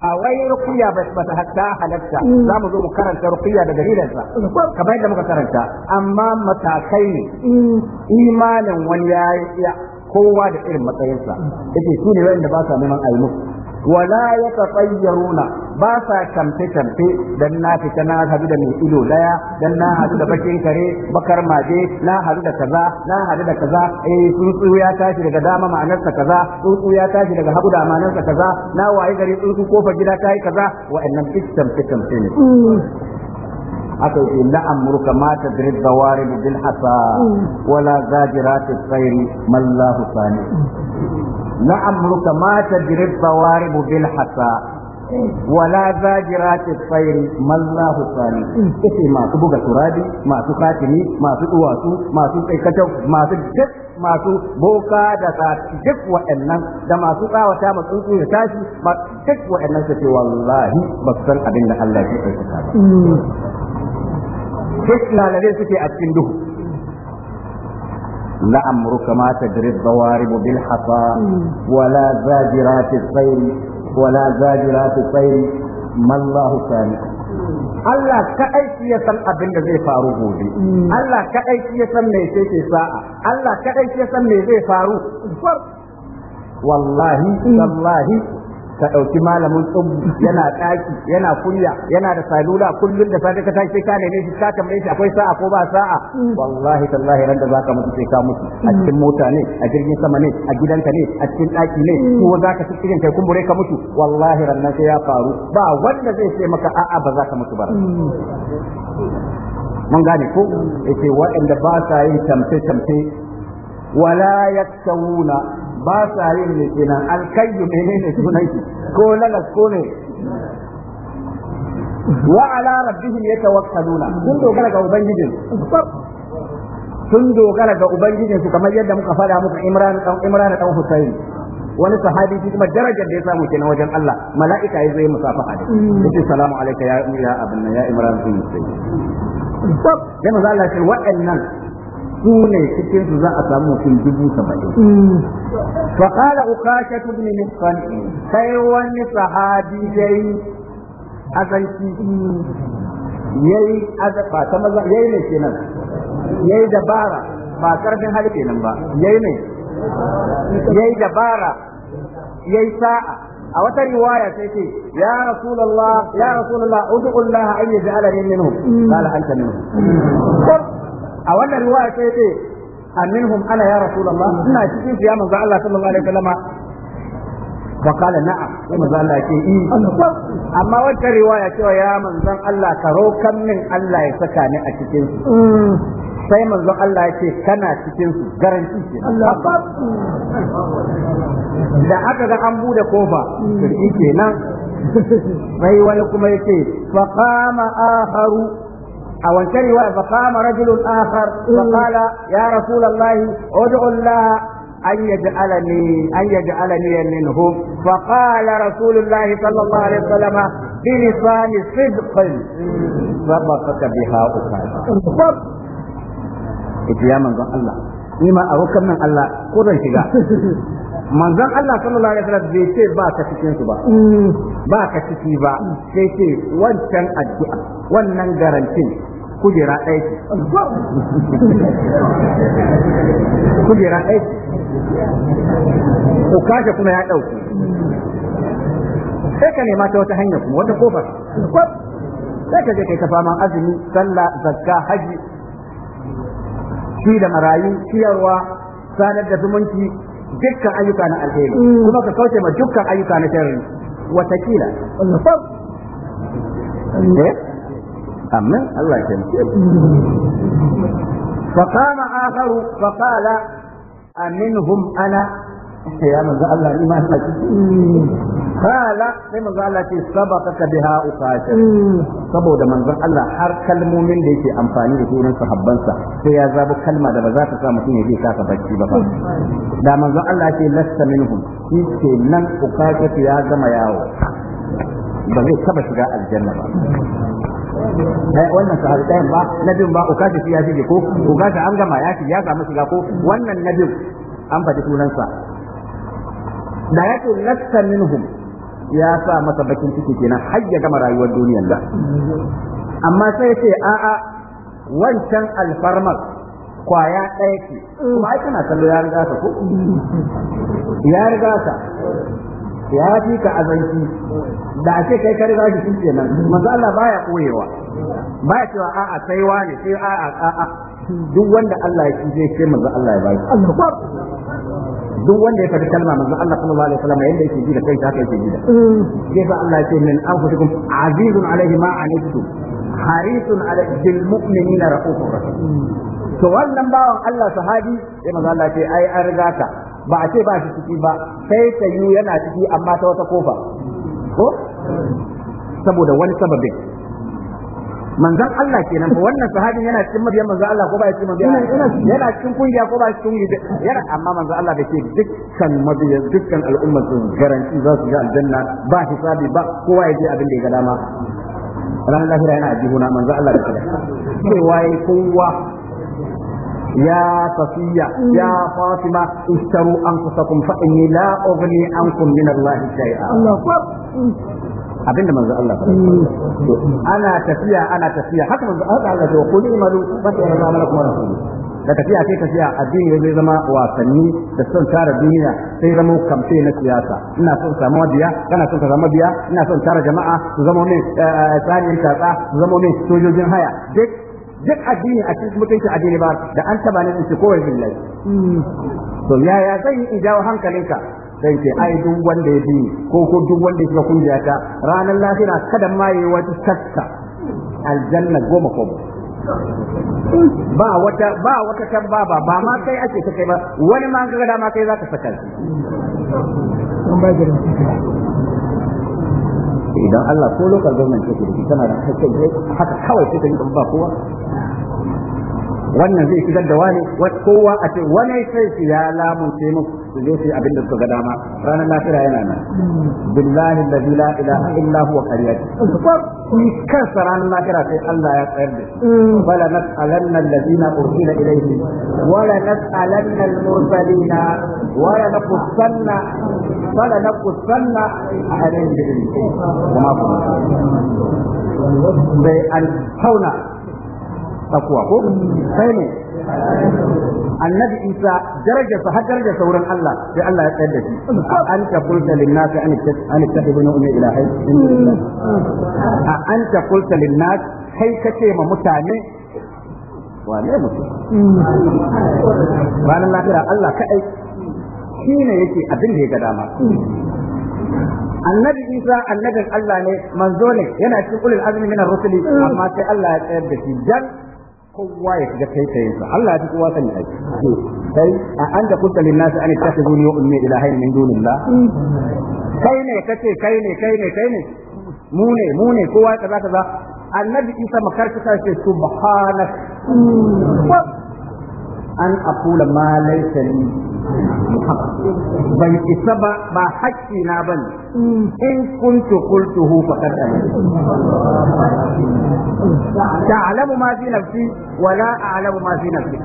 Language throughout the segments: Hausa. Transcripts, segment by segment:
a wai rukuya ba ta hatta halatta mm. za mu zo mu karanta rukuya da dalilinsa kamar yadda muka karanta amma matakai ne mm. imanin wani ya kowa da irin matsayinsa mm. yake su ne wanda ba sa neman a wala yatatayyaruna ba sa kamfe kamfe dan na fita na hadu da mai ido daya dan na hadu da bakin kare bakar maje na hadu da kaza na hadu da kaza eh tsuntsu ya tashi daga dama ma'anarsa kaza tsuntsu ya tashi daga hagu da sa kaza na waye gari tsuntsu kofar gida ta yi kaza wa'annan fitan fitan haka yake la'amruka ma tadrib dawarib bil hasa wala zajirat as-sayr mallahu sani la'amruka ma tadrib dawarib bil hasa wala zajirat as-sayr mallahu sani kace masu buga turabi masu katini masu duwatsu masu tsaikata masu duk masu boka da duk waɗannan da masu tsawata masu tsuntsu ya tashi duk waɗannan su ce wallahi ba san abin da Allah ya aikata ba mm. duk lalabe suke a cikin duhu لأمرك ما تدري الضوارب wala ولا زاجرات الطير wala زاجرات الطير ما mallahu سامع Allah ka shi ya san abin da zai faru gobe, Allah ka shi ya san me sai ke sa'a, Allah ka shi ya san me zai faru. Wallahi, mm. wallahi, ka ɗauki malamin tsubu yana ɗaki yana kunya yana da salula kullum da safe ka tashi ka ne shi ka tambaye shi akwai sa'a ko ba sa'a wallahi tallahi ran da zaka mutu sai ka mutu a cikin mota ne a jirgin sama ne a gidanka ne a cikin ɗaki ne mm. ko zaka ci cikin kai kumbure ka mutu wallahi ran sai ya faru ba wanda zai ce maka a'a ba za mutu ba mm. mun gane ko yace waɗanda ba sa yin tamfe tamfe wala yaktawuna ba sa yin ne kenan alkayyu menene sunan shi ko lagas ko ne wa ala rabbihim yatawakkaluna sun dogara ga ubangijin sun dogara ga ubangijin su kamar yadda muka fada muka imran dan imran dan husayn wani sahabi shi kuma darajar da ya samu kenan wajen Allah mala'ika ya yi musafaha da shi salamu alayka ya ya abunna ya imran bin husayn sai manzo Allah ya ce wa'annan su ne cikin su za a samu mutum dubu saba'in. Fakala ukasha ibn Mihsan sai wani sahabi dai azanci yayi azaba ta maza yayi ne kenan yayi dabara ba karfin hali kenan ba yayi ne yayi dabara yayi sa'a a wata riwaya sai ce ya rasulallah, ya rasulullah ud'u Allah an yaj'alani minhum qala anta minhum a wannan riwaya sai ce aminhum ana ya rasulullah ina cikin ya manzo Allah sallallahu alaihi wasallam wa kala na'a kuma manzo Allah ke yi eh. amma wata riwaya cewa ya manzo Allah karo kan min Allah ya saka ni a cikin su sai manzo Allah ce kana cikin su garanti ce da aka ga an bude kofa kirki kenan sai wani kuma yake fa qama aharu أو أنت رواية فقام رجل آخر فقال يا رسول الله ادعو الله أن يجعلني أن يجعلني منهم فقال رسول الله صلى الله عليه وسلم بلسان صدق فبصق بها أخرى يا من الله نما أروكم من الله قرن manzon Allah sallallahu alaihi wasallam bai ce ba ka cikin su ba ba ka ciki ba sai ce wancan addu'a wannan garantin kujera ɗaya ce kujera ɗaya ce ku kashe kuma ya ɗauki sai ka nema ta wata hanya kuma wata kofar sai ka je kai ta fama azumi sallah zakka haji shi da marayu ciyarwa sanar da zumunci dukkan ayyuka na alheri kuma ka kauce ma dukkan ayyuka na sharri watakila eh? amin Allah ya taimake aminhum ana. فقال أمنهم أنا sai manzo Allah ce sabaka biha saboda manzo Allah har kalmomin da yake amfani da sunan sahabbansa sai ya zabo kalma da ba za ta sa mutum ya je saka bacci ba da manzo Allah ce lasta minhum shi ce nan ukasha ya gama yawo ba zai taba shiga aljanna ba Eh, wannan sahabi ɗayan ba na bin ba ukashi shi ya shige ko ukashi an gama ya ya samu shiga ko wannan na bin an faɗi sunansa da ya ce lassa minhum ya sa masa bakin ciki kenan har ya gama rayuwar duniyar da amma sai ce a'a wancan alfarmar kwaya ɗaya ce kuma ai kana kallo ya riga ka ko ya riga ka ya fi ka azanci da ake kai kare za shi nan. manzo Allah baya koyewa baya cewa a'a sai wani sai a'a a'a duk wanda Allah ya kije sai manzo Allah ya baki duk wanda ya faɗi kalma manzo Allah sallallahu alaihi wasallam yanda yake ji da kai ta haka yake ji da mm. sai fa Allah ya ce min anfusikum azizun alaihi ma anittum harisun alaihi mu'minina ra'ufur rahim mm. to wannan bawan Allah sahabi sai manzo Allah ya ce ai an riga ka ba a ce ba shi ciki ba sai ta yi yana ciki amma ta wata kofa ko saboda wani sababin manzan Allah kenan fa wannan sahabin yana cikin mabiyan manzan Allah ko ba cikin mabiyan yana cikin kungiya ko ba cikin kungiya yana amma manzan Allah da ke dukkan mabiyan dukkan al'umma sun garanti za su ga aljanna ba hisabi ba kowa ya je abin da ya ga dama ranar lahira yana ajihuna manzan Allah da kada cewa kowa يا صفية يا فاطمة اشتروا أنفسكم فإني لا أغني عنكم من الله شيئا الله أكبر abinda manzo Allah ana tafiya ana tafiya haka manzo Allah ya ce kuli malu fa ta yarda mana kuma rasulu da tafiya sai tafiya addini zai zama wasanni da son tara duniya sai zama kamfe na siyasa ina son samu biya kana son samu biya ina son tara jama'a su zama min tsarin tatsa su zama min sojojin haya duk duk addini a cikin mutunci addini ba da an taba ni in ci kowai billahi to yaya zan yi in jawo hankalinka zan ce ai duk wanda ya bi ko ko duk wanda ya shiga kungiya ta ranar lafiya kada ma yi wata taska aljanna goma ko ba wata ba wata tamba ba ba ma kai ake ta kai ba wani ma ga dama kai zaka saka shi to idan Allah ko local government ce kudi tana da hakkin haka kawai sai ta yi ba kowa wannan zai shigar da wani kowa a ce wani sai ya lamunce muku su je su yi abin da suka ga dama ranar lafiya yana nan billahi allazi la ilaha illa huwa qariyati ni kansa ranar lafiya sai Allah ya tsayar da shi mm. wala nas'alanna allazina ursila ilayhi wala nas'alanna al-mursalina wala naqussanna wala naqussanna alayhim bi ilmi kuma bai al tsakuwa ko sai ne annabi isa darajarsa har darajar sauran Allah sai Allah ya tsayar da shi an ta kulta linnasi an an ta tattabuna ummi ilahai a an ta kulta linnasi kai kace ma mutane wane mutum ranar lafiya Allah kaɗai shi ne yake abin da ya ga dama annabi isa annabin Allah ne manzo ne yana cikin ulil azmi min ar-rusuli amma sai Allah ya tsayar da shi dan kowa ya shiga kai kai sa Allah ya fi kowa sani ai kai a an da kunta lin nas an ittakhizuni wa ila ilahayn min dunillah kai ne kace kai ne kai ne kai ne mu ne mu ne kowa kaza kaza annabi Isa makarta sai subhanak an aqula ma laysa li bai isa ba ba haƙƙi na ba ne. in kuntu qultuhu faqad ta'lamu ma fi nafsi wa la a'lamu ma fi nafsi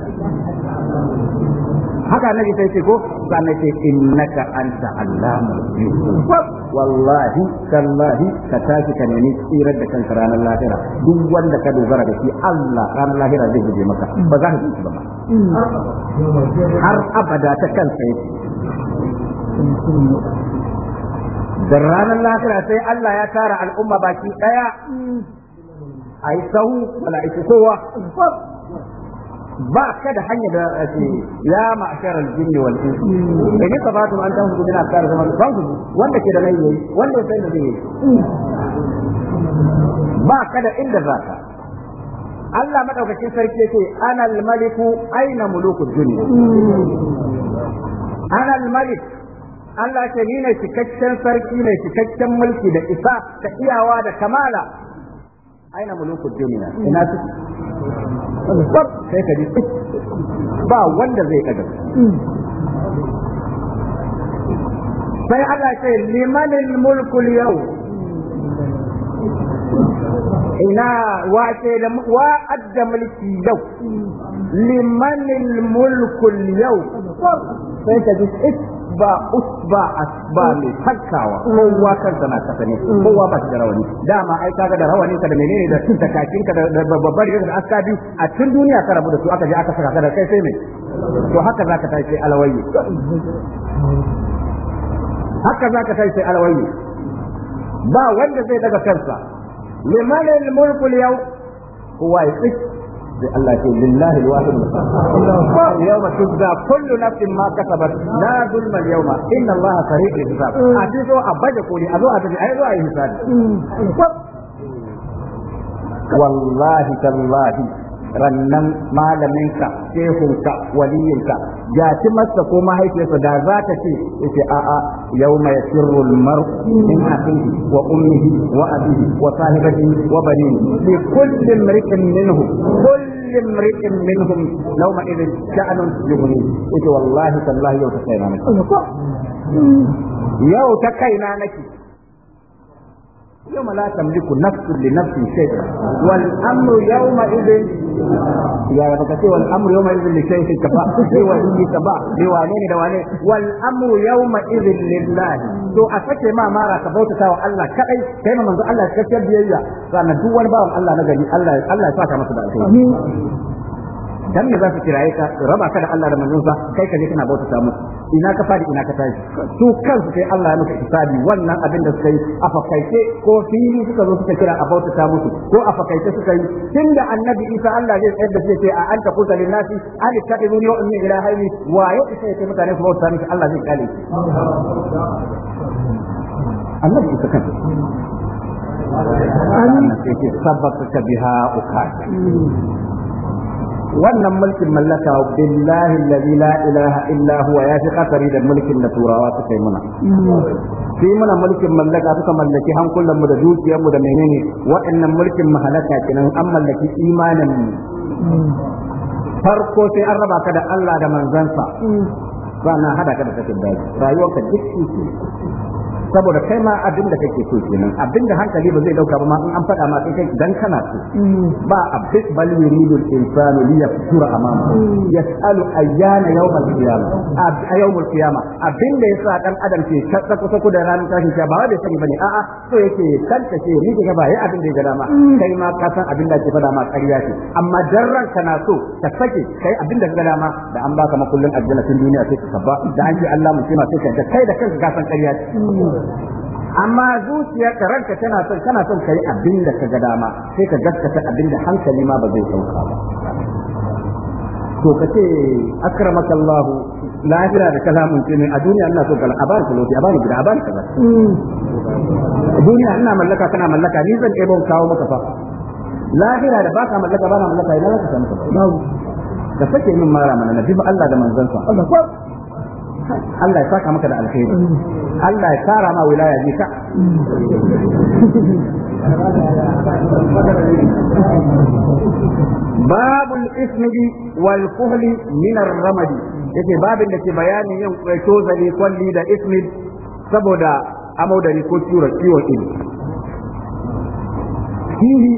haka annabi sai ko sana ce innaka anta allamul ghuyub wallahi kallahi ka tashi ka nemi tsirar da kanka ranar lahira duk wanda ka dogara da shi Allah ranar lahira zai guje maka ba za ka ji ba har abada ta kansa yake da ranar lahira sai Allah ya tara al'umma baki daya a yi sahu mala'iku kowa ba ka da hanya da ake ya ma'ashar aljinni wal insi in ka ba an tanfu min akar zaman banku wanda ke da nan yayi wanda sai da zai ba ka da inda za ka Allah madaukakin sarki yake ana almaliku aina mulukud dunya ana malik Allah ce ni ne cikakken sarki ne cikakken mulki da isa ta iyawa da kamala aina mulukud dunya ina sai ka ji ba wanda zai daga sai Allah ce limanil mulkul yau ina wace da wa adda mulki yau limanil mulkul yau sai ka ji ba usba asba mai ko kowa kansa na kasa ne kowa ba shi da rawani dama ai kaga da rawani ka da menene da tun takakin ka da babbar da aska biyu a cikin duniya ka rabu da su aka je aka saka ka da kai sai ne to haka zaka tashi alawayi haka zaka tashi alawayi ba wanda zai daga kansa liman mulku al-yawm huwa yaqis sai Allah ce lillahi alwahid yawma tujza kullu nafsin ma kasabat la zulma yawma inna Allaha sari'ul hisab mm. a ji zo a baje koli a zo a tafi a zo a yi hisabi mm. wallahi tallahi rannan malaminka shehunka waliyinka ya ci masa ko mahaifiyarsa da za ta ce yace a'a yau mai sirrul mar'u min akhihi wa ummihi wa abihi wa sahibatihi wa banihi li kulli imri'in minhu kulli لكل امرئ منهم يومئذ شأن يغني قلت والله تالله يوم تكاينا نكي أيوة. يوم تكاينا نكي يوم لا تملك نفس لنفس شيئا والامر يومئذ يا بكتي والامر يومئذ لشيخ كفاء لولي كفاء لوالين دوالين والامر يومئذ لله to a sake ma mara ka bautata wa Allah kadai kai manzo Allah cikakken biyayya sannan wani bawan Allah na gani Allah Allah ya saka masa dan me za su kiraye ka raba ka da Allah da manzonsa kai ka je kana bauta ta musu ina ka fadi ina ka tashi su kansu sai Allah ya maka hisabi wannan abin da suka yi a fakaice ko fili suka zo suka kira a bauta ta musu ko a fakaice suka yi tunda annabi Isa Allah zai tsayar da shi sai a anta kusa lin nasi ali taqiduni wa inni ila hayni wa ya isa ya mutane su bauta miki Allah zai kale annabi Isa kan an sabbataka biha ukaka wannan mulkin mallaka billahi alladhi la ilaha illa huwa ya fi kasari da mulkin da turawa suka yi muna sai muna mulkin mallaka suka mallaki hankulan mu da dukiyar mu da menene waɗannan mulkin mahalaka kenan an mallaki imanin mu farko sai an raba ka da Allah da manzansa ba na hada ka da sakin daji rayuwarka duk shi saboda kai ma abin da kake so kenan abin da hankali ba zai dauka ba ma in an fada ma kai dan kana so ba abin bal yuridu al-insanu li yafjura amama hmm. yas'alu ayyana yawm al-qiyamah a yawm al-qiyamah abin da yasa dan adam ke tsaka kusa da ranar tashin kiyama ba bai sani bane a'a so yake kanta ce ni ga ba yi abin da ya gada ma. Hmm. kai ma ka san abin da ke fada ma ƙarya ce amma dan ran kana so ka sake kai abin da ka gada ma da an baka makullin aljanna tun duniya sai ka sabba da an ji Allah mun ce ma sai ka kai da kanka ka san ƙarya ce hmm. amma zuciyarka ranka tana son kana son kai abin da ka ga dama sai ka gaskata abin da hankali ma ba zai sauka ba to ka ce akramakallahu lahira da kalamun ce ne a duniya ina so kala a bani kuloti a bani gida a bani kaza duniya ina mallaka kana mallaka ni zan ɗebo kawo maka fa lahira da baka mallaka bana mallaka ina za ka samu ka ka sake min mara mana nabi ba Allah da manzon sa Allah ya saka maka da alheri, Allah ya kara ma wilaya ne ka Babu ismi wal kuhli min ar yake babin da ke bayanin yin kwaito zali kwalli da ismi saboda amaudari ko tura ciwo ido fihi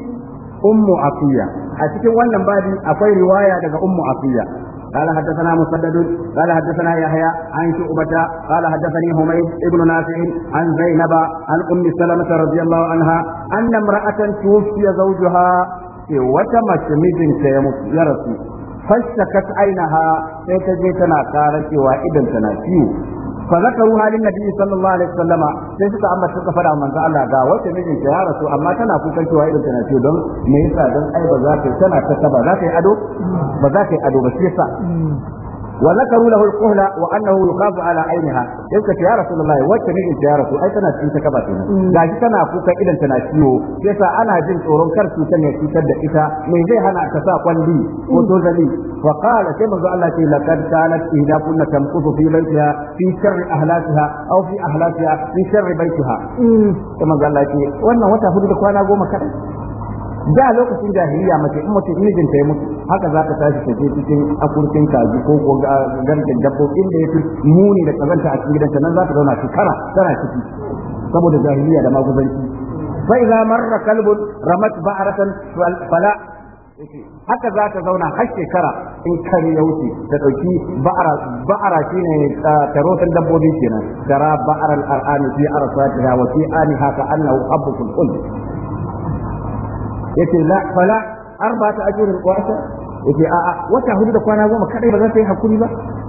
ummu afiya a cikin wannan babi akwai riwaya daga ummu afiya قال حدثنا مسدد قال حدثنا يحيى عن شعبة قال حدثني حميد ابن نافع عن زينب عن أم سلمة رضي الله عنها أن امرأة توفي زوجها في وتمت مجن يا رسول فاشتكت عينها sai ta je tana ƙara cewa idan tana ciwo fa zakaru halin nabi sallallahu alaihi wasallam sai suka amma suka fada manzo Allah ga wata mijinta ya rasu amma tana kukan cewa irin tana ce don me yasa don ai ba za tana ta ba za ka yi ado ba za yi ado ba sai sa wa zakaru lahu al wa annahu yukhafu ala ainiha yanka ya rasulullahi wacce ne in ya rasu ai tana cikin ta kaba kenan gashi tana kuka idan tana ciwo sai sa ana jin tsoron kar cutar ya cutar da ita me zai hana ta sa kwalli ko dozali fa na sai manzo Allah ce laqad kanat ihda kunna tamqutu fi baytiha fi sharri ahlatiha aw fi ahlatiha fi sharri baytiha sai manzo Allah ce wannan wata hudu da kwana goma kadai da lokacin jahiliya mace in mace mijin ta mutu haka za ta tashi ta je cikin akurkin kaji ko ko garken dabbobin da yafi muni da kazanta a cikin gidanta nan za ta zauna shekara tana ciki saboda jahiliya da maguzanci fa idza marra kalbun ramat ba'ratan fala haka za ta zauna har shekara in kare ya wuce ta ɗauki ba'ara shi ne tarotin dabbobi kenan tara al ar'ani fi arsatiha wa fi aniha ka annahu habbul yace la fala arba ta wa asha yace a a wata hudu da kwana goma kadai ba za ta yi hakuri ba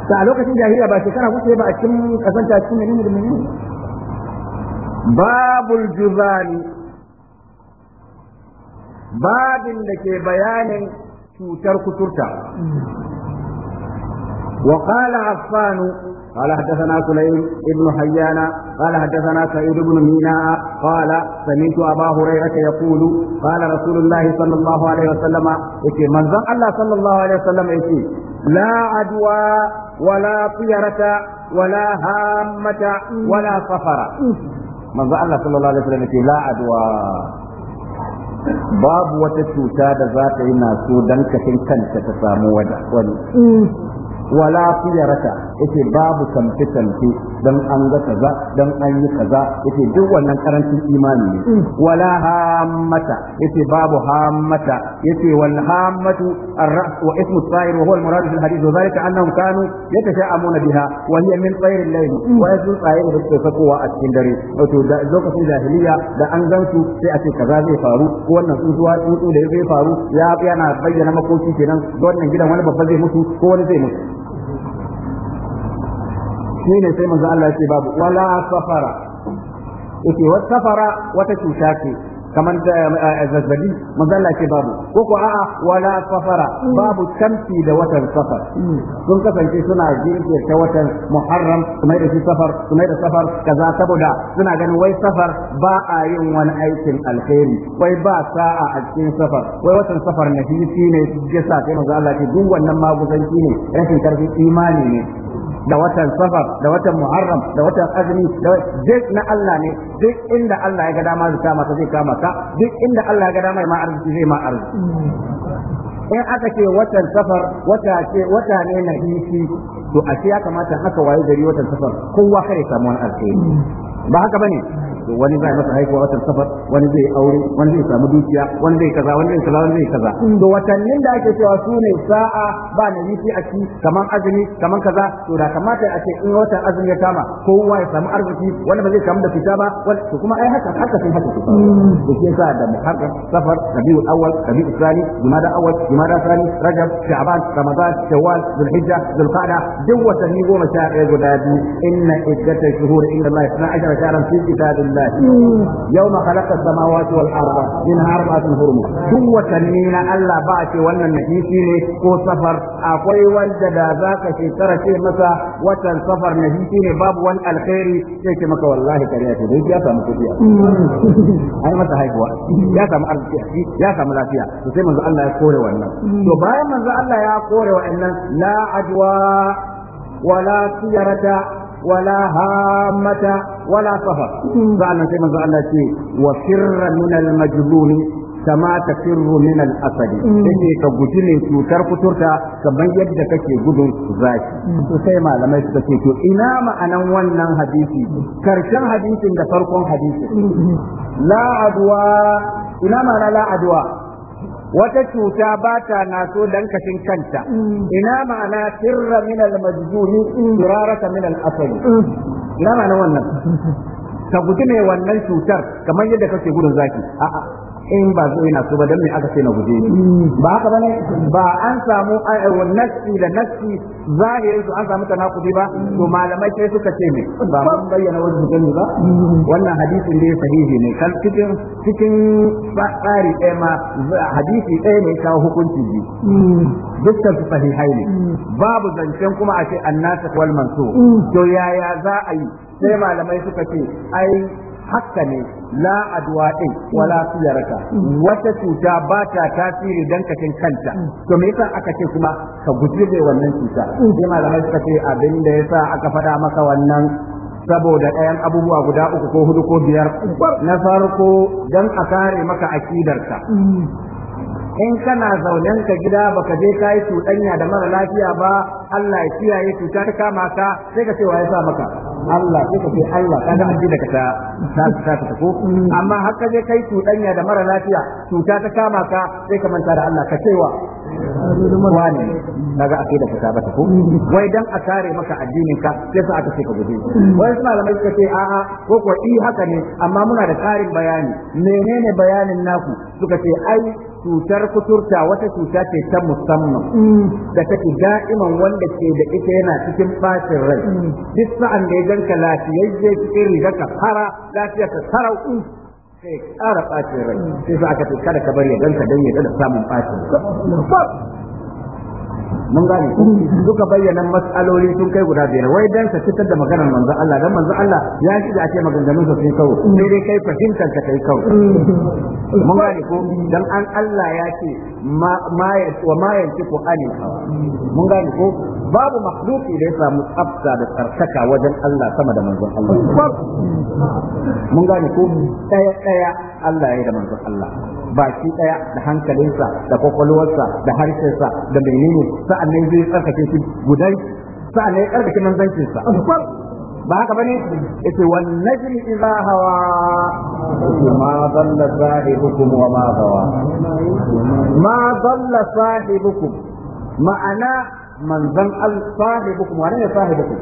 da a lokacin jahiliya ba shekara kuke ba a cikin kasanta cikin menene da menene babul juzani babin da ke bayanin cutar kuturta وقال عفان قال حدثنا سليم بن حيان قال حدثنا سعيد بن ميناء قال سمعت أبا هريرة يقول قال رسول الله صلى الله عليه وسلم إتي من الله صلى الله عليه وسلم إتي لا عدوى ولا طيرة ولا هامة ولا صفرة من الله صلى الله عليه وسلم إتي لا عدوى babu wata cuta da za ta yi naso don kashin kanta ta samu wani wala fiyarata yace babu kamfe kamfe dan an ga kaza dan an yi kaza yace duk wannan karancin imani ne wala hammata yace babu hammata yace wal hammatu ar-ra's wa ismu as-sa'ir wa huwa al-murad fi al-hadith wa dhalika annahum kanu yatasha'amuna biha wa hiya min tayr al-layl mm. wa yasu tsayin da suke sakowa a cikin dare wato da lokacin jahiliya da an gansu sai a ce kaza zai faru ko wannan tsuntsuwa tsuntsu da zai faru ya yana bayyana makoki kenan wannan gidan wani babba zai mutu ko wani zai mutu shine sai manzo Allah babu wala safara yake wata safara wata cuta ce kamar da eh, zazzabi manzo Allah babu ko ko a'a wala safara babu tamti da watan safar sun kasance suna jirgin ta watan muharram kuma da shi safar kuma da safar kaza saboda suna ganin wai safar ba a yin wani aikin alheri wai ba sa'a a cikin safar wai watan safar na shi ne yasa sai manzo Allah ce duk wannan maguzanci ne rashin karfin imani ne da watan safar da watan muharram da watan azumi da duk na Allah ne duk inda Allah ya ga dama zai kama ka zai kama ka duk inda Allah ya ga dama ma arziki zai ma arziki in aka ce watan safar wata ce wata ne na hisi to a ce ya kamata haka waye gari watan safar kowa kare samu wani alheri ba haka bane ne? wani zai masa haihuwa watan safar wani zai aure wani zai samu dukiya wani zai kaza wani zai kaza wani zai kaza to watannin da ake cewa su ne sa'a ba na yiki a ci kaman azumi kaman kaza to da kamata a ce in watan azumi ya kama kowa ya samu arziki wani ba zai kamu da fita ba to kuma ai haka haka sai haka to shi yasa da muharram safar rabiul awwal rabiul thani jumada awwal jumada thani rajab sha'ban ramadan shawwal zulhijja zulqa'da duk watanni goma sha ɗaya guda biyu inna iddatash shuhur 12 شهرا في كتاب الله يوم خلق السماوات والارض منها اربعه حرم na تنين الله ce wannan nahisi ne ko safar akwai wanda da zaka shekara ce masa watan safar nahisi ne babu wani alkhairi ce maka wallahi kariya ce dai ya samu kudi ai masa haihuwa ya samu arziki ya samu lafiya to sai manzo Allah ya kore wannan to bayan manzo Allah ya kore wa'annan la ajwa wala ولا هامة ولا صفر فأنا سيما الله وفر من المجنون kama ta firru min al-asad yake ka guji ne cutar kuturta kamar yadda kake gudun zaki to sai malamai suka ce to ina ma'anan wannan hadisi karshen hadisin da farkon hadisi. ina ma'ana la wata cuta ba ta na so dan kashin kanta ina ma'ana sirra min al-majzuni turarata min al-asali ina ma'ana wannan ka guji ne wannan cutar kamar yadda kake gudun zaki a'a in ba zo yana so ba dan me aka ce na guje mm. ba haka bane ba an samu nasi da nasi zahirin su an samu tanakudi ba to malamai sai suka ce ne ba mun bayyana wajen gani ba mm. wannan hadisin ya sahihi ne kan cikin cikin tsari ɗaya ma hadisi ɗaya ne kawo hukunci ji mm. dukkan su sahihai ne babu zancen kuma a ce annasikh wal mansukh to yaya za a yi sai malamai suka ce ai haka ne la adwa din wala siyarka. wata cuta ba ta tasiri dan kacin kanta to me yasa aka ce kuma ka guji da wannan cuta sai malamai suka ce abin da yasa aka faɗa maka wannan saboda ɗayan abubuwa guda uku ko hudu ko biyar na farko dan a kare maka akidarka in kana zaunen ka gida baka je ka yi cuɗanya da mara lafiya ba Allah ya kiyaye cuta ta kama ka sai ka ce wa ya sa maka Allah sai ka ce Allah kaga addini ka ta ta ta ko amma har ka je kai cuɗanya da mara lafiya cuta ta kama ka sai ka manta da Allah ka ce wa wani ga ake da ta bata ko wai dan a kare maka addinin ka sai sa aka ce ka guje wai suna da mai kace a a ko ko i haka ne amma muna da karin bayani menene bayanin naku suka ce ai cutar kuturta wata cuta ce ta musamman da take da'iman wanda ke da ita yana cikin bacin rai duk sa'an da ya ganka lafiyayye cikin ka fara lafiyar ka sarau sai ƙara ɓacin rai sai sa aka ce kada ka bari ya ganka don ya kada samun ɓacin mun gane duka bayyana mas'aloli sun kai guda biyar wai dan ka fitar da maganar manzo Allah dan manzo Allah ya ji da ake maganganun sa sun kawo mm. sai dai kai fahimtar ka kai kawo mm. mun gane ko dan an Allah ya ce ma wa ma yantiqu anil hawa mm. mun gane ko babu makhluki da ya samu tsafta da tsarkaka wajen Allah sama da manzon Allah mun gane ko daya daya Allah ya yi da manzon Allah baki daya da hankalinsa da kwakwalwarsa da harshensa da menene sa sa'an ne zai tsarkake shi gudai sa'an ne ya ba haka bane yace wan idha hawa ma dalla sahibukum wa ma hawa ma dalla sahibukum ma'ana manzon Allah sahibukum wa ne sahibukum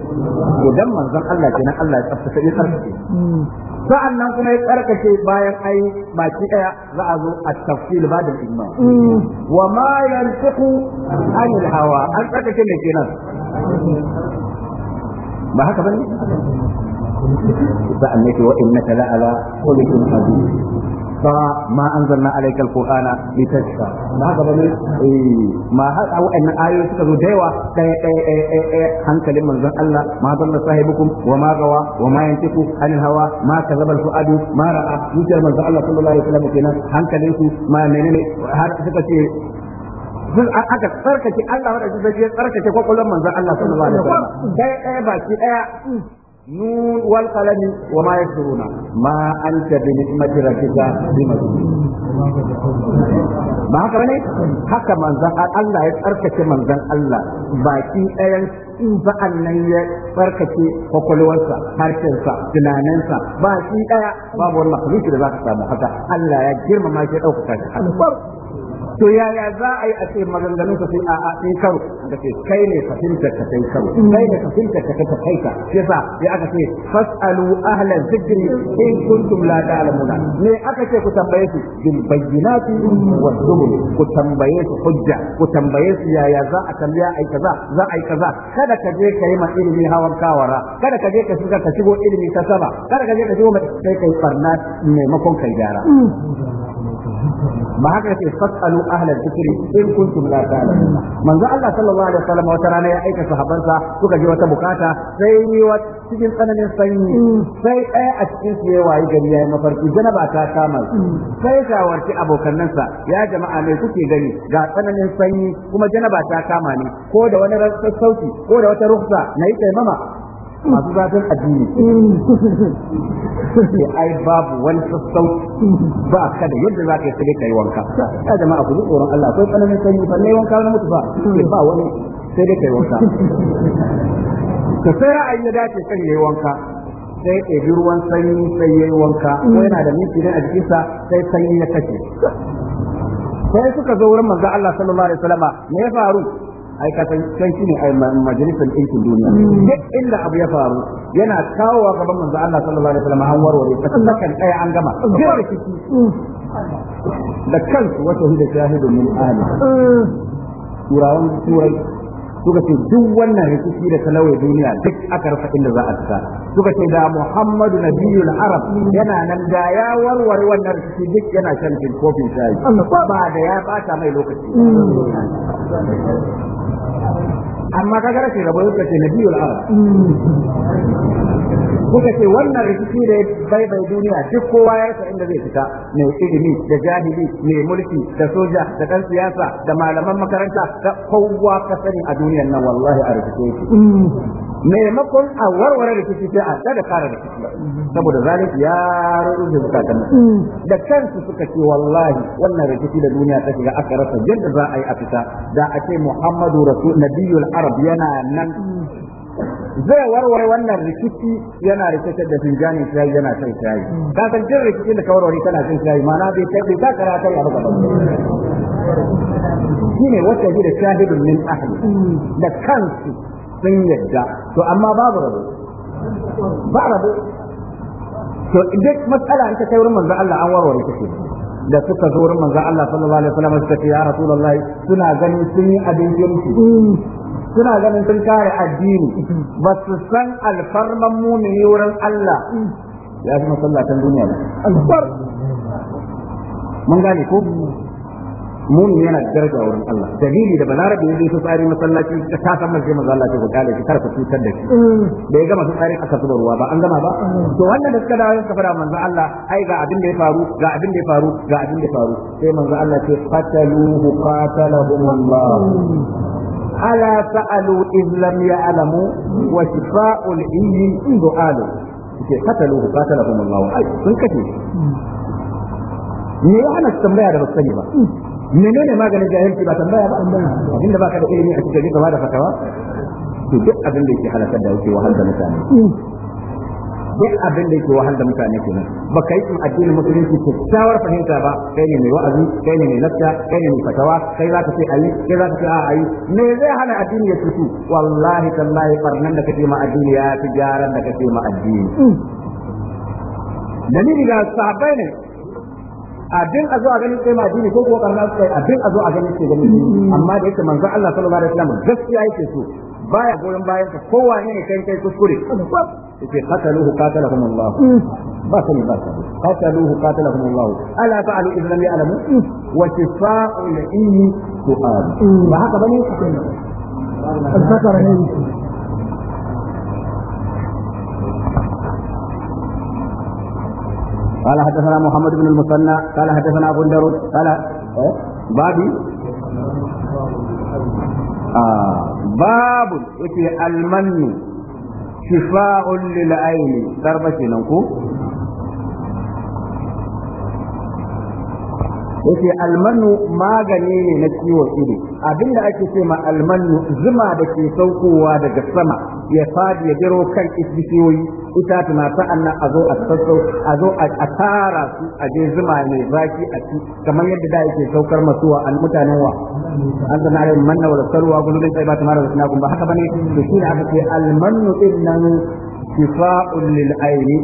idan manzan Allah ke kenan Allah ya tsaftace ya tsaftace sa'annan kuma ya tsarkake bayan ai baki daya za a zo a tafsil ba da imam wa ma yantiqu anil hawa an tsarkake ne kenan ba haka bane sa'an ne wa innaka la'ala qulun azim fa ma anzalna alayka alqur'ana litashqa ba haka bane eh, ma har a wannan ayoyi suka zo da yawa dai hankalin manzon Allah ma zanna sahibukum wa ma gawa wa ma yantiku anil hawa ma kazaba alfuadu ma ra'a yutar manzon Allah sallallahu alaihi wasallam kenan hankalin su ma menene har suka ce zun Allah wadda zai tsarkake kwakwalwar manzon Allah sallallahu alaihi wasallam dai baki daya نون والقلم وما يكتبون ما أنت بنعمة ربك بمجنون ba haka ne haka manzan Allah ya tsarkake manzan Allah baki ɗayan sa'an nan ya tsarkake kwakwalwarsa harshensa tunaninsa baki ɗaya babu wani makaluki da za ka samu haka Allah ya girmama ma ya ɗaukaka shi to yaya za a yi a ce maganganun ka sai a a in karo da ce kai ne fahimtar ka sai karo mm. kai ne fahimtar ka ya kai ka yasa aka ce fasalu ahlan zikri in kuntum la ta'lamuna me aka ce ku tambaye su bil bayyinati wa zubur ku tambaye su hujja ku tambaye su yaya za a tambaya ai kaza za a yi kaza kada ka je ka yi ma ilimi hawan kawara kada ka je ka shiga ka shigo ilimi ta sama kada ka je ka shigo sai kai farna maimakon kai gyara mm. ba haka yace fasalu ahlal zikri in kuntum la ta'lamun manzo Allah sallallahu alaihi wasallam wata rana ya aika sahabbansa suka ji wata bukata sai ni wa cikin tsananin sanyi mm. sai ɗaya a cikin su ya wayi gari yayi mafarki janaba ta kama mm. sai shawarci abokanansa ya jama'a ne kuke gani ga tsananin sanyi kuma janaba ta kama ni ko da wani sassauci ko da wata ruksa na yi taimama masu zafin addini ke ai babu wani sassau ba ka da yadda za ka yi sai ka yi wanka ya jama'a ku ji tsoron Allah akwai tsananin sanyi ba ne wanka na mutu ba ke ba wani sai dai ka yi wanka ka sai ra'ayi ya dace kan yi wanka sai ɗebi ruwan sanyi sai ya yi wanka ko yana da minti a jikinsa sai sanyi ya kashe sai suka zo wurin manzo Allah sallallahu alaihi wasallama me ya faru ai ka san kai shine majalisar ɗinkin duniya duk inda abu ya faru yana kawowa gaban manzo Allah sallallahu alaihi wasallam an warware ta kan ɗaya an gama jira da kici da kansu wata hudu shahidun min turawan turai suka ce duk wannan rikici da talawai duniya duk aka rasa inda za a fita suka ce da Muhammadu Nabiyul Arab yana nan da ya warware wannan rikici duk yana shan kofin shayi ba da ya bata mai lokaci que ka que shugaba ka ce muka ce wannan rikici da bai bai duniya duk kowa ya rasa inda zai fita mai ilimi da jahili mai mulki da soja da dan siyasa da malaman makaranta da kowa ka sani a duniyar nan wallahi a rikici maimakon a warware rikici sai a tada fara rikici saboda zalik ya rubuta bukatan da kansu suka ce wallahi wannan rikici da duniya ta shiga aka rasa yadda za a yi a fita da a ce Muhammadu Rasul Nabiyul Arab yana nan zai warware wannan rikici yana rikice da finjani sai yana sai sai ka san jin rikici da kawarori kana sai shayi ma'ana bai kai bai ka rata ya rubuta shine wata da shahidun min ahli da kansu sun yadda to amma babu rabo ba rabo to idan matsala ita kai wurin manzo Allah an warware take da suka zo wurin manzo Allah sallallahu alaihi wasallam suka ce ya rasulullahi suna ganin sun yi abin kirki suna ganin sun kare addini ba su san alfarman mumini wurin Allah ya fi masallatan duniya ne. alfar mun gane ko mumin yana da daraja wurin Allah dalili da balarabe ne zo tsari masallaci ka ta san masjid masallaci ko kale shi kar ka cutar da shi da ya gama su tsarin aka zuba barwa ba an gama ba to wannan da suka dawo suka fara manzo Allah ai ga abin da ya faru ga abin da ya faru ga abin da ya faru sai manzo Allah ce qataluhu qatalahum Allah ألا سألوا إذ لم يعلموا وشفاء العي دعالوا قتلوه قاتلهم الله أي سنكتي كثير ya hana tambaya da basani ba menene maganin jahilci ba tambaya ba abin da baka da ilimi a cikin gaba da fatawa to duk abin da yake halakar da yake wahal da mutane duk abin da yake wahal da mutane ba ka yi addini musulunci kyakkyawar fahimta ba kai ne mai wa'azi kai ne mai nasta kai ne mai fatawa kai za ka ce ayi kai za ka ce a'a ayi me zai hana addini ya tutu wallahi tallahi farnan da kake ma addini ya fi gyaran da kake ma addini dalili ga sahabbai ne abin a zo a ganin sai madini ko kuwa karna kai abin a zo a ganin sai ganin amma da yake manzon Allah sallallahu alaihi wasallam gaskiya yake so baya goyon bayan ka kowa ne kai kai kuskure yake qataluhu qatalahum Allah ba sai ba sai qataluhu qatalahum Allah ala fa'alu idan lam ya'lamu wa shifa'u al-ilmi su'al ba haka bane al-fatara ne قال حدثنا محمد بن المثنى قال حدثنا ابو الدرد قال بابي babu yake almannu shifa'un lil aini darba kenan ko yace almanu magani ne na ciwon ido abinda ake ce ma almanu zuma da ke saukowa daga sama ya fadi ya jiro kan bishiyoyi itatuna sa'annan a zo a sassau a zo a tara su a je zuma mai zaki a ci kamar yadda da yake saukar masu al mutanen wa an zana rai manna wa salwa gulubin sai ba ta mara da ba haka ne? to shi ne aka ce almanu din nan shifa'un lil aini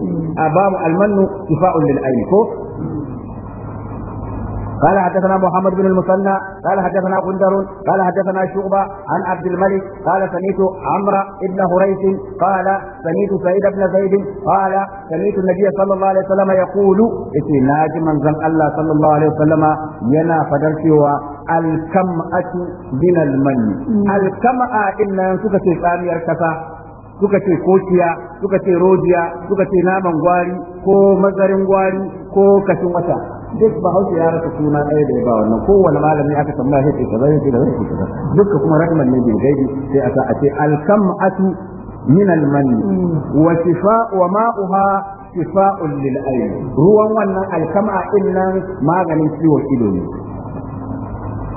abamu almanu shifa'un lil aini ko قال حدثنا محمد بن المثنى قال حدثنا قندر قال حدثنا شعبة عن عبد الملك قال سميت عمرو بن هريث قال سميت سعيد بن زيد قال سميت النبي صلى الله عليه وسلم يقول اتي ناجي من زن الله صلى الله عليه وسلم ينا فدركوا الكمأة من المن الكمأة إن سكة ثانية كفا suka ce kociya suka ce rojiya suka ce naman gwari ko mazarin gwari ko kashin wata duk bahaushe ya rasa suna ɗaya da ya ba wannan kowane malami aka tambaya yake kaza yake kaza yake kaza dukka kuma rahman ne bil gaibi sai a sa a ce alkam'atu min almanni wa shifa wa ma'uha shifa'un lil ayn ruwan wannan alkam'a din nan maganin ciwon ido ne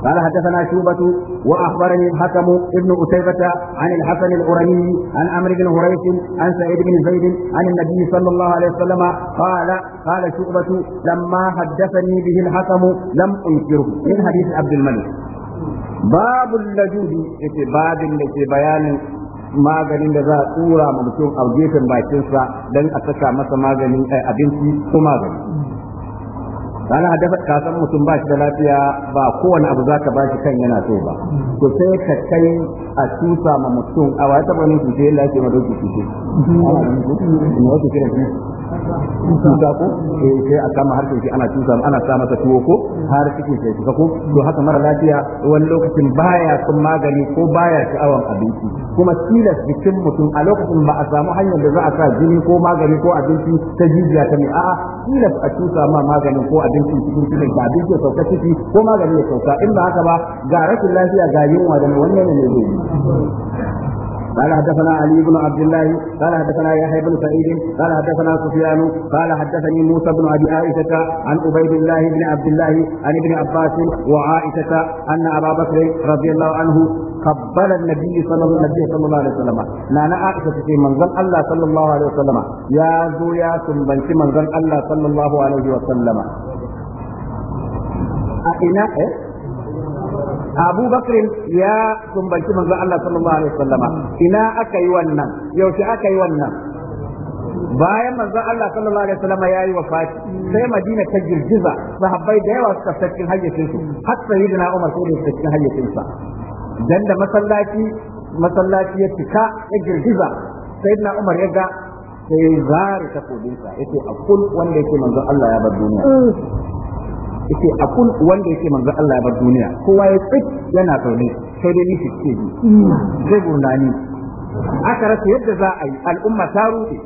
قال حدثنا شوبة وأخبرني الحكم ابن أتيبة عن الحسن العرمي عن عمرو بن هريث عن سعيد بن زيد عن النبي صلى الله عليه وسلم قال قال شوبة لما حدثني به الحكم لم أنكره من حديث عبد الملك باب اللجوء في باب في بيان maganin da za a tsura ma mutum a gefen bakinsa don a saka masa maganin abinci ko magani kana hadafa ka san mutum ba shi da lafiya ba kowane abu zaka ba shi kan yana so ba to sai ka kai a tusa ma mutum a wata ba ne tuce yalla ke madauki tuce ne wato kira shi tusa ko eh sai a kama harkar shi ana tusa ana sa masa tuwo ko har kike sai tuka ko to haka mara lafiya wani lokacin baya sun magani ko baya sha'awan abinci kuma tilas bikin mutum a lokacin ba a samu hanyar da za a sa jini ko magani ko abinci ta jijiya ta ne a'a tilas a tusa ma magani ko abinci abincin cikin cikin ba abinci ya sauka ciki ko magani ya sauka in ba haka ba ga rashin lafiya ga yunwa da wannan ne ne قال حدثنا علي بن عبد الله قال حدثنا يحيى بن سعيد قال حدثنا سفيان قال حدثني موسى بن ابي عائشه عن عبيد الله بن عبد الله عن ابن عباس وعائشه ان ابا بكر رضي الله عنه قبل النبي صلى الله عليه وسلم صلى الله عليه وسلم نانا عائشه في منزل الله صلى الله عليه وسلم يا زو يا سنبنتي منزل الله صلى الله عليه وسلم a ina eh Abu Bakr ya kumbanci manzon Allah sallallahu alaihi wasallama ina aka yi wannan yaushe aka yi wannan bayan manzon Allah sallallahu alaihi wasallam yayi wafati sai Madina ta girgiza sahabbai da yawa suka sakin hayyacin su har da Umar sai da sakin hayyacin sa dan da masallaci masallaci ya cika ya girgiza sayyidina Umar ya ga sai zare takobinsa yace a kul wanda yake manzon Allah ya bar duniya a akun wanda yake manzo Allah ya bar duniya kowa ya tsik yana zaune sai dai ni shike ji zai gurnani aka rasa yadda za a yi al'umma ta rufe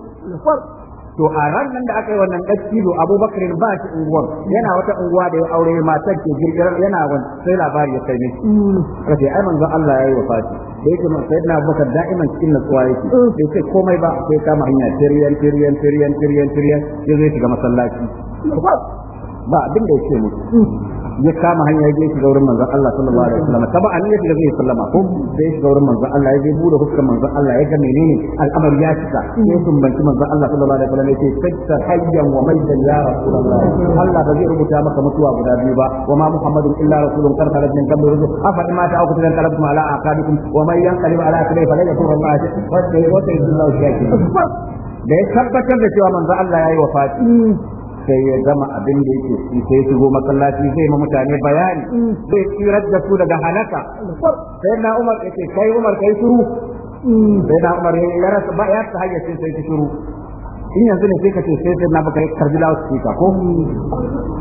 to a ranar da aka yi wannan ɗaskilo abubakar ba shi unguwar yana wata unguwa da ya aure matar ke girgirar yana wani sai labari ya kai ne rafi ai manzo Allah ya yi wa fati da yake man sayyidina abubakar da'iman cikin natsuwa yake komai ba sai kama hanya tiriyan tiriyan tiriyan tiriyan tiriyan ya zai shiga masallaci ba abin da yake musu ya kama hanya ya je shiga wurin manzon Allah sallallahu alaihi wasallam tabi'an ya shiga zai sallama ko sai ya shiga wurin manzon Allah ya je bude fuskar manzon Allah ya ga menene al'amari ya cika ya sumbanci manzon Allah sallallahu alaihi wasallam yace sajda hayyan wa maytan ya rasulullah Allah ba zai rubuta maka mutuwa guda biyu ba wa ma muhammadun illa rasulun qad khalat min qabli rusul afa ma ta'aku tan kalabtum ala aqabikum wa man yanqalib ala akhihi falan yakurra Allah wa sayyidu Allah shakirin da ya tabbatar da cewa manzon Allah yayi wafati sai ya gama abin da yake shi sai shigo masallaci zai ma mutane bayani mm. zai tsirar da su daga halaka sai na Umar ce kai Umar kai shiru mm. sai na Umar ya rasa ba ya ta hanyar sai ta shiru in yanzu ne sai ka ce sai sai na bakare karbi lawa su ka ko mm.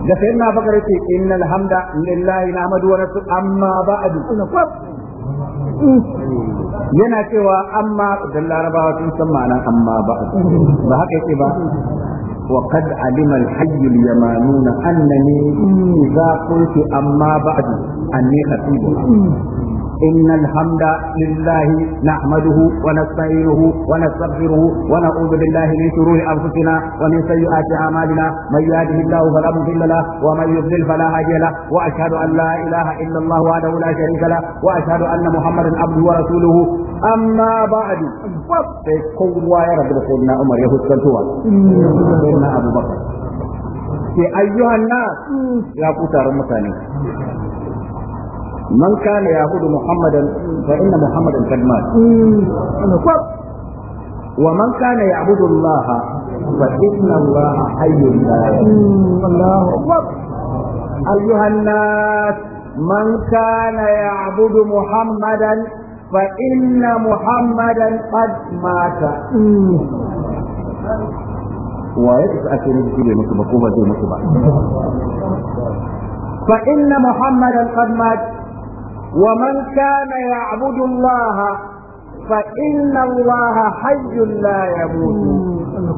da sai na ya ce innal alhamda lillahi Amadu wa nasu amma kwab yana cewa amma da larabawa sun san ma'anar amma ba'du ba haka yake ba وقد علم الحي اليمانون أنني إذا قلت أما بعد أني خطيبها إن الحمد لله نحمده ونستعينه ونستغفره ونعوذ بالله من شرور أنفسنا ومن سيئات أعمالنا من يهده الله فلا مضل له ومن يضلل فلا هادي له وأشهد أن لا إله إلا الله وحده لا شريك له وأشهد أن محمدا عبده ورسوله أما بعد قوة يا رب سيدنا عمر يهود سيدنا أبو بكر sai ayyuhan nas ya ku taron mutane من كان يعبد محمدا فإن محمدا قد مات ومن كان يعبد الله فإن الله حي لا الله أكبر أيها الناس من كان يعبد محمدا فإن محمدا قد مات waye في ake nufi shi bai mutu ba ko ومن كان يعبد الله فإن الله حي لا يموت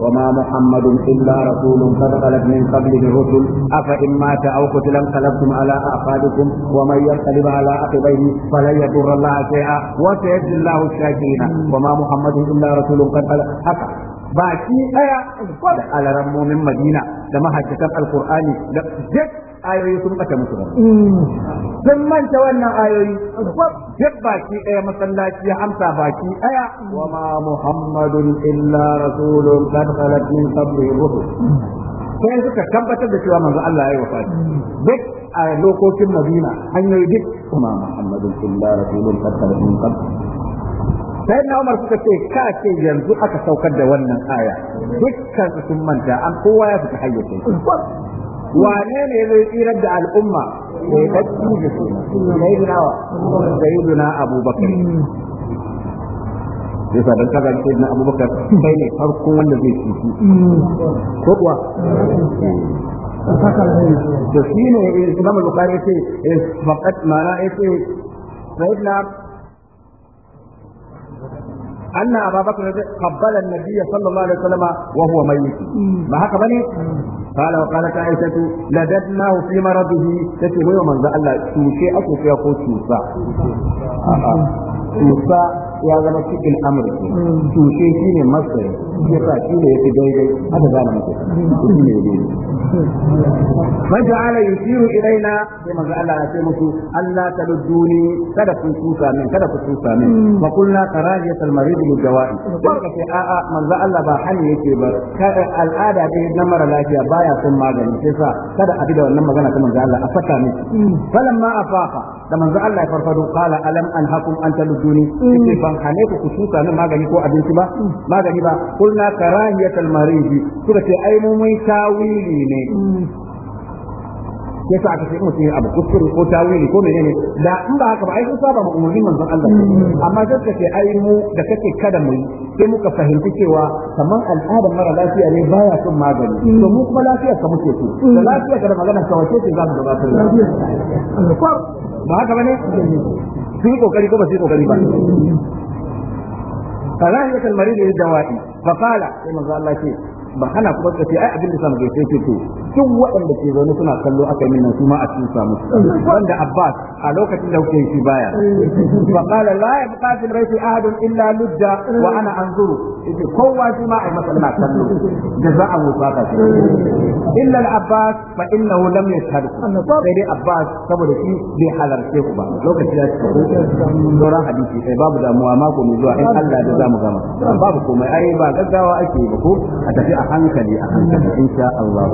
وما محمد إلا رسول قد خلت من قبله الرسل أفإن مات أو قتل انقلبتم على أعقابكم ومن ينقلب على عقبيه فلن يضر الله شيئا وسيجزي الله الشاكرين وما محمد إلا رسول قد خلت baki daya da alarammomin madina da mahajjatan alkur'ani da duk ayoyi sun bata musu mm. sun manta wannan ayoyi duk baki ɗaya masallaci ya amsa baki ɗaya wa ma muhammadun illa rasulun qad khalat min qablihi rusul mm. sai suka tabbatar da cewa manzo Allah ya yi wafati mm. duk a lokokin Madina hanyoyi duk kuma muhammadun illa rasulun qad khalat min qablihi sai na Umar suka ce ka ce yanzu aka saukar da wannan aya dukkan sun manta an kowa ya fita hayyace wane ne zai tsirar da al'umma da ya bacci da su da yi duna abubakar zai sa dan kaga sai na abubakar bai ne farko wanda zai ci ko kuwa da shi ne imam al-bukhari ce eh, faqat mana ya yace sayyidina أن أبا بكر قبل النبي صلى الله عليه وسلم وهو ميت ما هكذا بني قال وقالت عائشة لددناه في مرضه تتي ويوم من الله توشي أكو فيكو توسا توسا ya zama cikin amri tushe shi ne masari ya sa shi ne ya fi daidai haka zana mace shi ne daidai man ja'ala yusiru ilaina sai manzo Allah ya ce musu Allah ta ludduni kada ku tusa min kada ku tusa min fa qulna qarajat al marid lil dawa'i sai ce a a manzo Allah ba hani yake ba al'ada dai na mara lafiya baya son magani sai sa kada a bi da wannan magana ta manzo Allah a fata miki falamma afafa da manzo Allah ya farfado qala alam anhakum an taluduni kike ban hane ku ku tuka magani ko abinci ba magani ba kulna karahiyatal maridi suka ce ai mu mai tawili ne ya sa aka ce mutum ya abu ko tawili ko menene da in ba haka ba ai sun saba ma umarnin Allah amma sai ka ce ai mu da kake kada mu sai muka fahimci cewa kamar al'adar mara lafiya ne baya son magani to mu kuma lafiya ka muke so da lafiyar ka da magana ka wace ce za mu gabatar da ba haka bane sun yi kokari ko ba su yi kokari ba ka zahi ya kalmari da yi jawadi fa sai manzo ba hana kuma ka ce ai abin da samu gaishe ce to duk waɗanda ke zaune suna kallo aka yi nan su ma a cikin samu wanda Abbas a lokacin da kuke shi baya fa qala la yaqatil baiti ahadun illa ludda wa ana anzuru yace kowa shi ma ai masa ina kallo jaza'an wasaka ce illa al-Abbas fa innahu lam yashhadku sai dai Abbas saboda shi bai halarce ku ba lokacin da sauran hadisi sai babu damuwa mako mai zuwa in Allah da zamu gama babu komai ai ba gaggawa ake ba ko a tafi a hankali a hankali insha Allah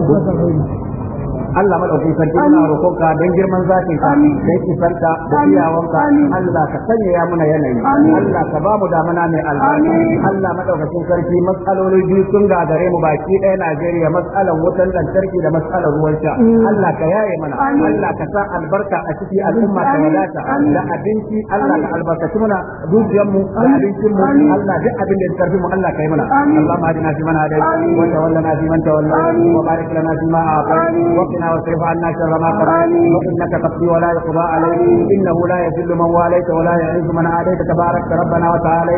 Allah madaukakin sarki muna ka don girman zatin ka da kisanta da iyawanka Allah ka sanya ya muna yanayi Allah ka ba mu damuna mai albarka Allah madaukakin sarki matsalolin biyu sun gagare mu baki ɗaya Najeriya matsalar wutan lantarki da matsalar ruwan sha Allah ka yaye mana Allah ka sa albarka a ciki al'umma ta wadata da abinci Allah ka albarkaci muna dukiyar mu da abincin mu Allah duk abin da ya karfi mu Allah ka yi mana Allah ma hadina fi man hadai wa tawallana fi man tawalla wa barik lana fi ma a'tai wa عنا واصرف عنا شر ما قضيت وانك تقضي ولا يقضى عليك انه لا يذل من واليت ولا يعز من عاديت تبارك ربنا وتعالى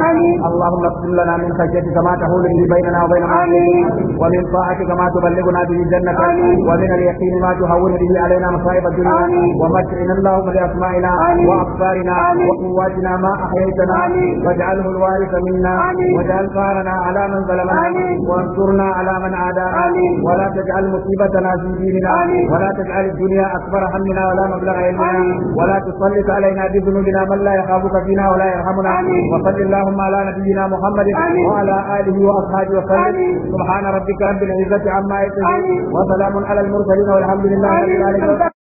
اللهم اغفر لنا من خشيتك ما تحول به بيننا وبين معاصيك ومن طاعتك ما تبلغنا به جنتك ومن اليقين ما تهون به علينا مصائب الدنيا ومتعنا اللهم لاسمائنا وابصارنا وقواتنا ما احييتنا واجعله الوارث منا واجعل ثارنا على من ظلمنا وانصرنا على من عادانا ولا تجعل مصيبتنا في ديننا ولا تجعل الدنيا أكبر همنا ولا مبلغ علمنا ولا تسلط علينا بذنوبنا من لا يخافك فينا ولا يرحمنا وصل اللهم على نبينا محمد وعلى آله وأصحابه وسلم سبحان ربك رب العزة عما يصفون وسلام على المرسلين والحمد لله رب العالمين